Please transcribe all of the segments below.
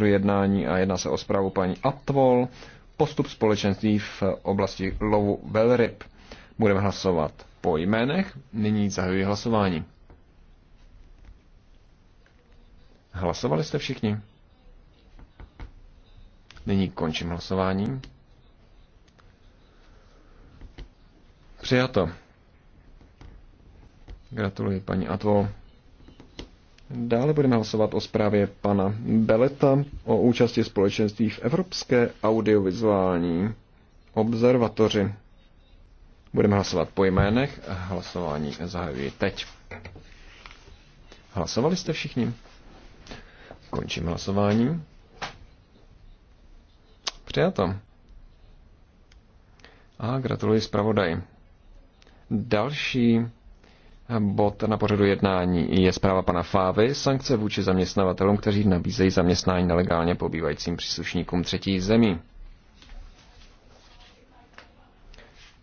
do jednání a jedná se o zprávu paní Atvol, postup společenství v oblasti lovu velryb. Budeme hlasovat po jménech. Nyní zahajuji hlasování. Hlasovali jste všichni? Nyní končím hlasování. Přijato. Gratuluji paní Atvol. Dále budeme hlasovat o zprávě pana Beleta o účasti společenství v Evropské audiovizuální observatoři. Budeme hlasovat po jménech. Hlasování zahajuji teď. Hlasovali jste všichni? Končím hlasování. Přijato. A gratuluji zpravodaji. Další bod na pořadu jednání je zpráva pana Fávy, sankce vůči zaměstnavatelům, kteří nabízejí zaměstnání nelegálně pobývajícím příslušníkům třetí zemí.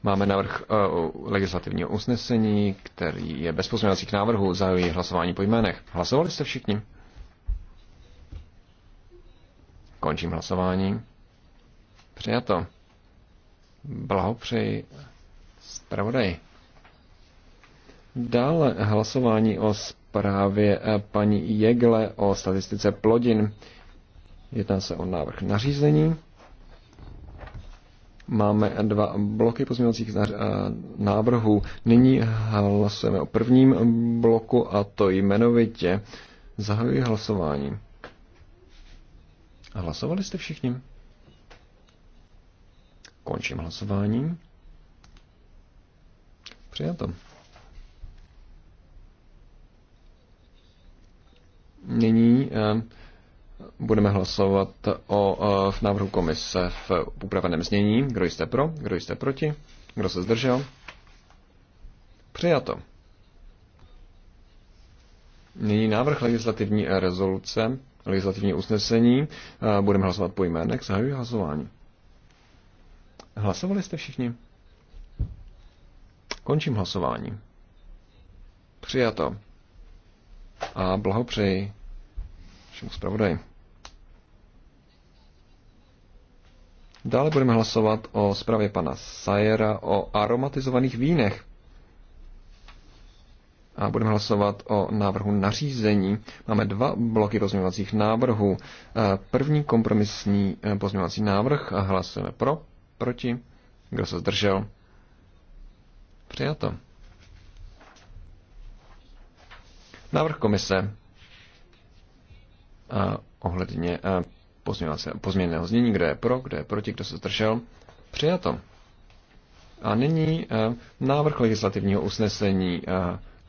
Máme návrh uh, legislativního usnesení, který je bez pozměňovacích návrhů. Zahajuji hlasování po jménech. Hlasovali jste všichni? Končím hlasování. Přijato. Blahopřeji zpravodaj. Dále hlasování o zprávě eh, paní Jegle o statistice plodin. Jedná se o návrh nařízení. Máme dva bloky pozměňovacích eh, návrhů. Nyní hlasujeme o prvním bloku a to jmenovitě. Zahajuji hlasování. Hlasovali jste všichni? Končím hlasování. Přijatom. Nyní eh, budeme hlasovat o eh, v návrhu komise v upraveném znění. Kdo jste pro, kdo jste proti, kdo se zdržel. Přijato. Nyní návrh legislativní rezoluce, legislativní usnesení. Eh, budeme hlasovat po jménech. Zahajuji hlasování. Hlasovali jste všichni? Končím hlasování. Přijato a blahopřeji všemu zpravodaji. Dále budeme hlasovat o zprávě pana Sajera o aromatizovaných vínech. A budeme hlasovat o návrhu nařízení. Máme dva bloky pozměňovacích návrhů. Eh, první kompromisní eh, pozměňovací návrh hlasujeme pro, proti, kdo se zdržel. Přijato. Návrh komise a eh, ohledně eh, pozměněného znění, kde je pro, kde je proti, kdo se zdržel, přijato. A nyní eh, návrh legislativního usnesení.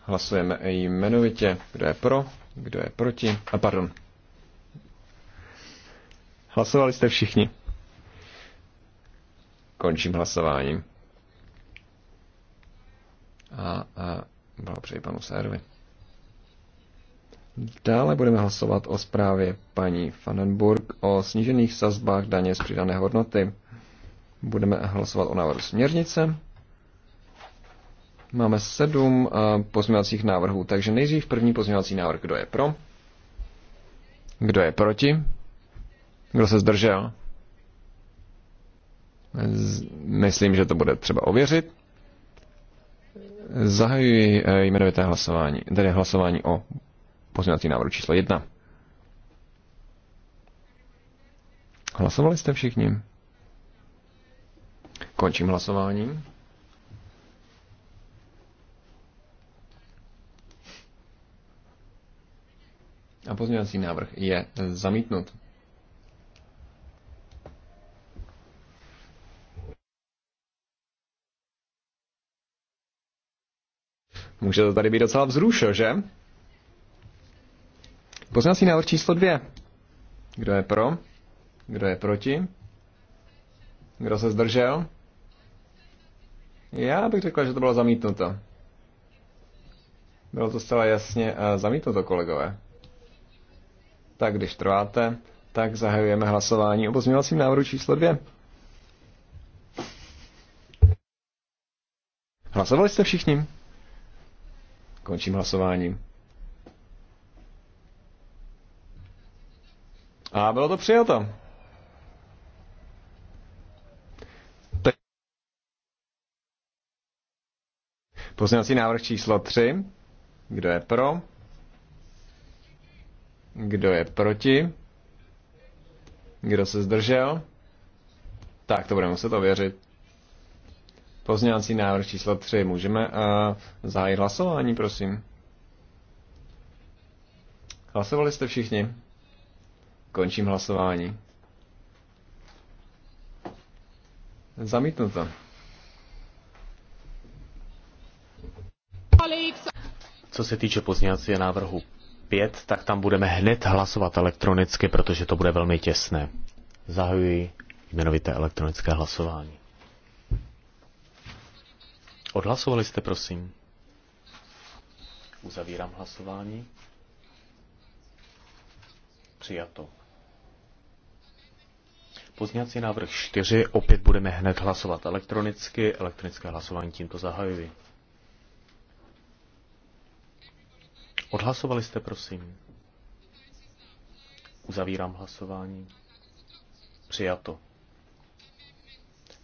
Hlasujeme jmenovitě, kdo je pro, kdo je proti. A pardon. Hlasovali jste všichni. Končím hlasováním. A, a blahopřeji panu Sérovi. Dále budeme hlasovat o zprávě paní Vandenburg o snížených sazbách daně z přidané hodnoty. Budeme hlasovat o návrhu směrnice. Máme sedm eh, pozměňovacích návrhů, takže nejdřív první pozměňovací návrh. Kdo je pro? Kdo je proti? Kdo se zdržel? Myslím, že to bude třeba ověřit. Zahajuji eh, jmenovité hlasování, tedy hlasování o pozměňovací návrhu číslo 1. Hlasovali jste všichni? Končím hlasování. A pozměňovací návrh je zamítnut. Může to tady být docela vzrušo, že? Poznací návrh číslo dvě. Kdo je pro? Kdo je proti? Kdo se zdržel? Já bych řekl, že to bylo zamítnuto. Bylo to zcela jasně eh, zamítnuto, kolegové. Tak když trváte, tak zahajujeme hlasování o pozměňovacím návrhu číslo dvě. Hlasovali jste všichni? Končím hlasování. A bylo to přijato. Pozměňovací návrh číslo 3. Kdo je pro? Kdo je proti? Kdo se zdržel? Tak, to budeme muset ověřit. Pozměňovací návrh číslo 3. Můžeme uh, zahájit hlasování, prosím. Hlasovali jste všichni? Končím hlasování. Zamítnuto. Co se týče pozněcího návrhu 5, tak tam budeme hned hlasovat elektronicky, protože to bude velmi těsné. Zahajuji jmenovité elektronické hlasování. Odhlasovali jste, prosím. Uzavírám hlasování. Přijato. Pozněvací návrh 4 opět budeme hned hlasovat elektronicky. Elektronické hlasování tímto zahajuji. Odhlasovali jste, prosím. Uzavírám hlasování. Přijato.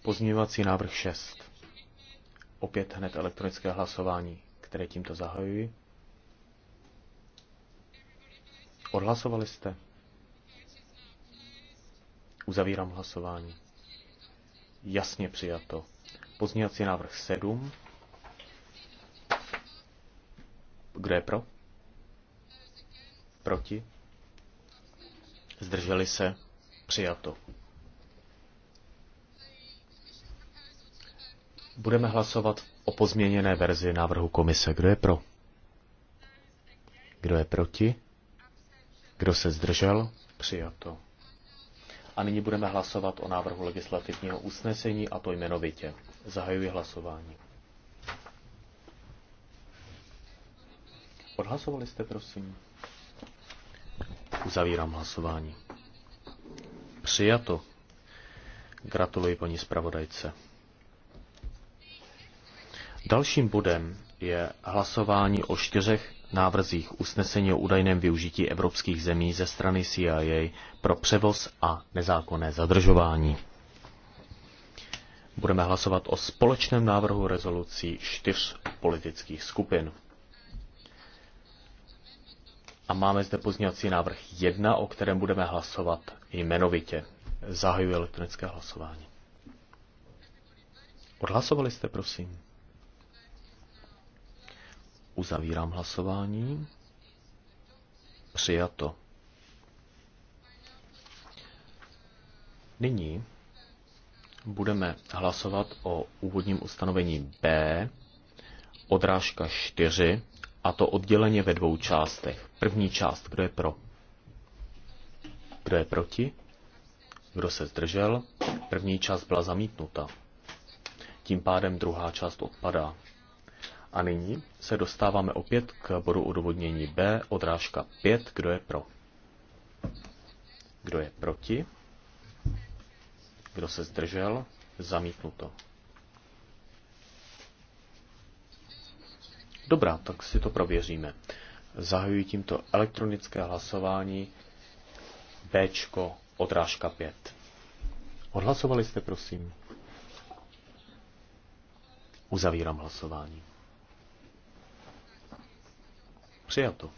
Pozměňovací návrh 6. Opět hned elektronické hlasování, které tímto zahajuji. Odhlasovali jste? Uzavírám hlasování. Jasně přijato. Pozměňovací návrh 7. Kdo je pro? Proti? Zdrželi se? Přijato. Budeme hlasovat o pozměněné verzi návrhu komise. Kdo je pro? Kdo je proti? Kdo se zdržel? Přijato. A nyní budeme hlasovat o návrhu legislativního usnesení a to jmenovitě. Zahajuji hlasování. Odhlasovali jste, prosím? Uzavírám hlasování. Přijato. Gratuluji paní zpravodajce. Dalším bodem je hlasování o čtyřech návrzích usnesení o údajném využití evropských zemí ze strany CIA pro převoz a nezákonné zadržování. Budeme hlasovat o společném návrhu rezolucí čtyř politických skupin. A máme zde pozněvací návrh 1, o kterém budeme hlasovat jmenovitě. Zahajuji elektronické hlasování. Odhlasovali jste, prosím. Uzavírám hlasování. Přijato. Nyní budeme hlasovat o úvodním ustanovení B, odrážka 4, a to odděleně ve dvou částech. První část, kdo je pro? Kdo je proti? Kdo se zdržel? První část byla zamítnuta. Tím pádem druhá část odpadá. A nyní se dostáváme opět k bodu odůvodnění B, odrážka 5, kdo je pro. Kdo je proti? Kdo se zdržel? Zamítnuto. Dobrá, tak si to prověříme. Zahajuji tímto elektronické hlasování B, odrážka 5. Odhlasovali jste, prosím? Uzavírám hlasování. Přijato.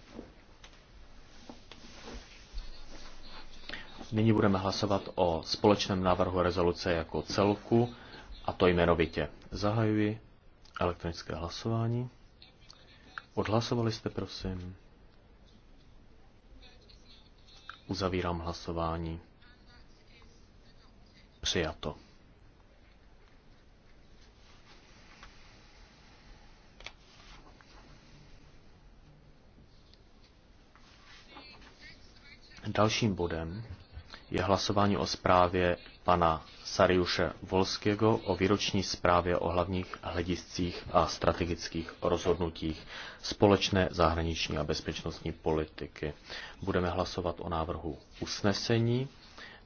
Nyní budeme hlasovat o společném návrhu rezoluce jako celku, a to jmenovitě. Zahajuji elektronické hlasování. Odhlasovali jste, prosím. Uzavírám hlasování. Přijato. Dalším bodem je hlasování o zprávě pana Sariuše Volského o výroční zprávě o hlavních hlediscích a strategických rozhodnutích společné zahraniční a bezpečnostní politiky. Budeme hlasovat o návrhu usnesení.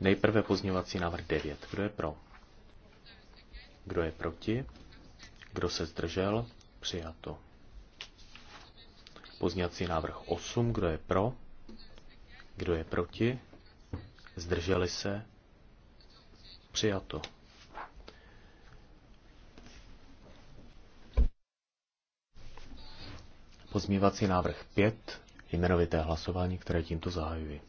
Nejprve pozměňovací návrh 9. Kdo je pro? Kdo je proti? Kdo se zdržel? Přijato. Pozměňovací návrh 8. Kdo je pro? Kdo je proti? Zdrželi se? Přijato. Pozměvací návrh 5, jmenovité hlasování, které tímto zahajuji.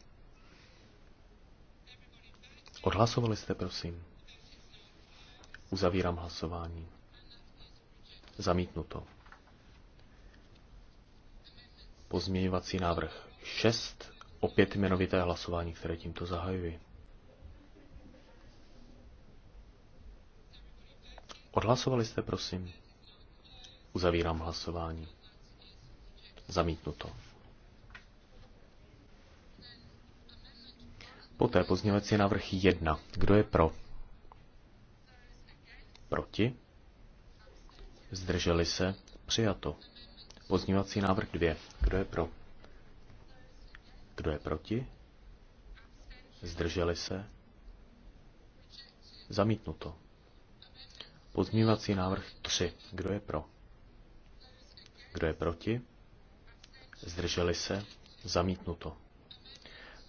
Odhlasovali jste, prosím. Uzavírám hlasování. Zamítnuto. Pozměňovací návrh 6, opět jmenovité hlasování, které tímto zahajuji. Odhlasovali jste, prosím? Uzavírám hlasování. Zamítnuto. Poté pozměňovací návrh 1. Kdo je pro? Proti? Zdrželi se? Přijato. Pozněvací návrh 2. Kdo je pro? Kdo je proti? Zdrželi se? Zamítnuto. Pozměňovací návrh 3. Kdo je pro? Kdo je proti? Zdrželi se? Zamítnuto.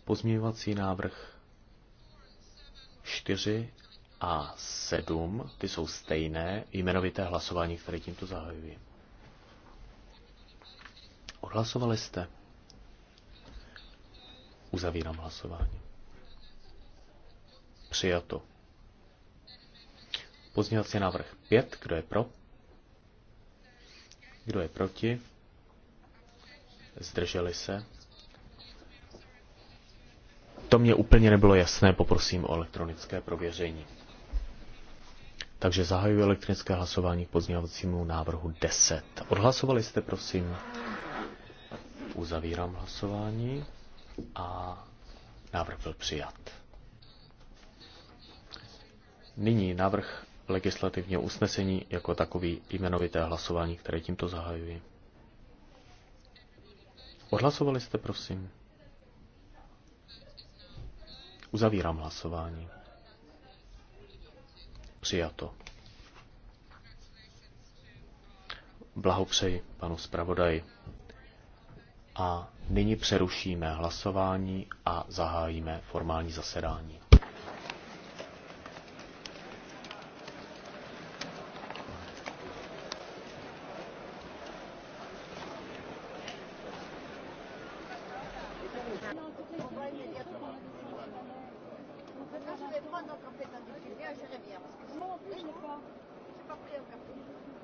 Pozměňovací návrh 4 a 7, ty jsou stejné, jmenovité hlasování, které tímto zahajuji. Odhlasovali jste? Uzavírám hlasování. Přijato. Pozměňovací návrh 5. Kdo je pro? Kdo je proti? Zdrželi se? To mě úplně nebylo jasné, poprosím o elektronické prověření. Takže zahajuji elektronické hlasování k pozměňovacímu návrhu 10. Odhlasovali jste, prosím. Uzavírám hlasování a návrh byl přijat. Nyní návrh legislativního usnesení jako takový jmenovité hlasování, které tímto zahajuji. Odhlasovali jste, prosím? Uzavírám hlasování. Přijato. Blahopřeji panu zpravodaji a nyní přerušíme hlasování a zahájíme formální zasedání.